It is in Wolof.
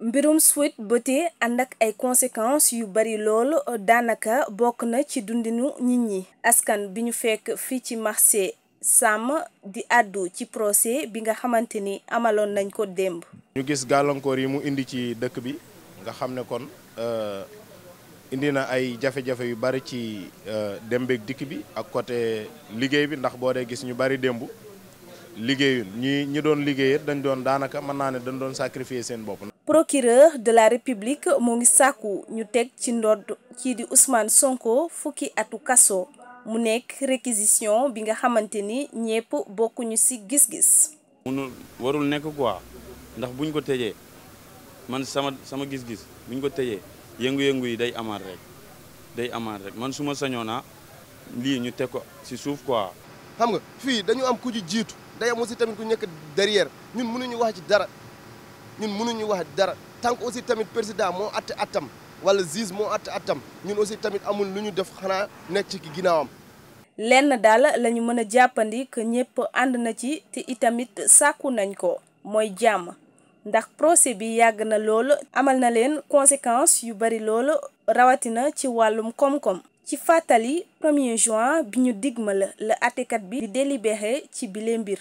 mbirum suite beauté ànd ay conséquence yu bari lool daanaka bokk na ci dundinu nit ñi askan bi ñu fekk fii ci marché sàmm di àddu ci procès bi nga xamante ni amaloon nañ ko démb. ñu gis gàllankoor yi mu indi ci dëkk bi nga xam ne kon. Euh, indi na ay jafe-jafe yu bari ci euh, dem beeg dikk bi ak côté liggéey bi ndax boo dee gis ñu bari démb liggéeyun ñi ñi doon liggéey dañ doon daanaka mën naa ne dañ doon sacrifier seen bopp. procureur de la république moo ngi sàkku ñu teg ci ndodd kii di usmaan Sonko fukki atu kaso mu nekk réquisition bi nga xamante ni ñépp bokkuñu ci gis-gis. munul warul nekk quoi ndax buñ ko tëjee man sama sama gis-gis buñ ko tëjee. yëngu-yëngu yi day amaat rek day amaat rek man suma ma sañoon naa lii ñu teg ko si suuf quoi. xam nga fii dañu am ku ci jiitu day am si tamit ku nekk derrière ñun mënuñu wax ji dara ñun mënuñu wax dara tant que aussi tamit président moo att atam wala juge moo att attam ñun aussi tamit amul lu ñu def xanaa nekk ci ginnaawam. lenn daal lañu ñu mën a jàppandi que ñëpp ànd na ci te itamit sàkku nañ ko mooy jàmm. ndax procès bi yàgg na lool amal na leen conséquences yu bari lool rawatina ci wàllum koom-koom ci fàttali 1 juin bi ñu digmal la àttekat bi di délibéré ci bile mbir